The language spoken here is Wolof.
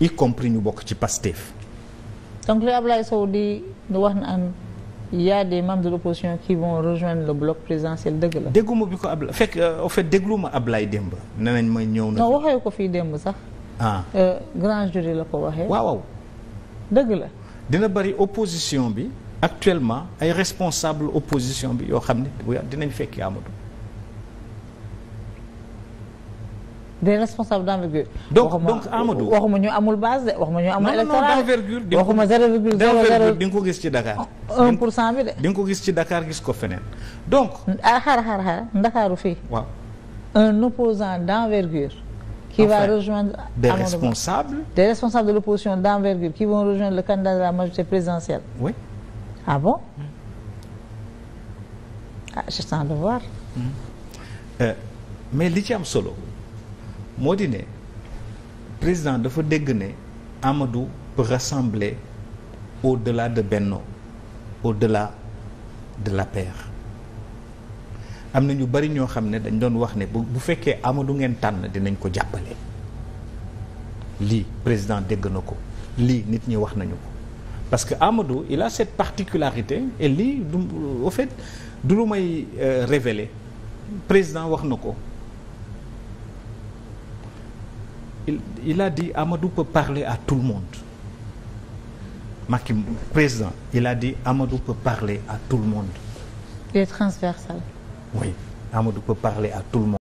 y compris ñu bokk ci Pastef donc ab Ablaye Sow di wax na il y a des membres de l'opposition qui vont rejoindre la bloc présidentiel dëgg la. dégguma bi ko Ablaye fekk euh, au fait déglu ma Ablaye démb nee nañ may ñëw na. non waxee ko fii démb sax. ah euh, grand jury la ko waxee. waaw waaw. dëgg la. dina bëri opposition bi actuellement ay responsable opposition bi yoo xam ne dinañ fekk Amadou. des responsables d'envergure. donc donc Amadou waxuma ñu amul base de waxuma ñu amul. électoral d'envergure waxuma 0,00 di n ko gis ci Dakar. Oh, pour cent bi di nga ko gis ci Dakar gis ko feneen donc. ah xaar xaar xaar Ndakaaru fii. waaw un opposant d'envergure. qui enfin, va rejoindre. des Amadou responsables des responsables de l'opposition d'envergure qui vont rejoindre le candidat de la majorité présidentielle. oui. ah bon. Mm. ah j'attends de mm. euh, mais li ci am solo. moo di ne président dafa dégg ne Amadou peut rassembler au-delà de Benno au-delà de la paire am na ñu bari ñoo xam ne dañ doon wax ne bu bu fekkee Amadou ngeen tànn dinañ ko jàppale lii président dégg na ko lii nit ñi wax nañu ko parce que Amadou il a cette particularité et lii du au fait du lu may euh, révéler président wax na ko il il a dit Amadou peut parler à tout le monde Macky président il a dit Amadou peut parler à tout le monde. il est transversal. oui Amadou peut parler à tout le monde.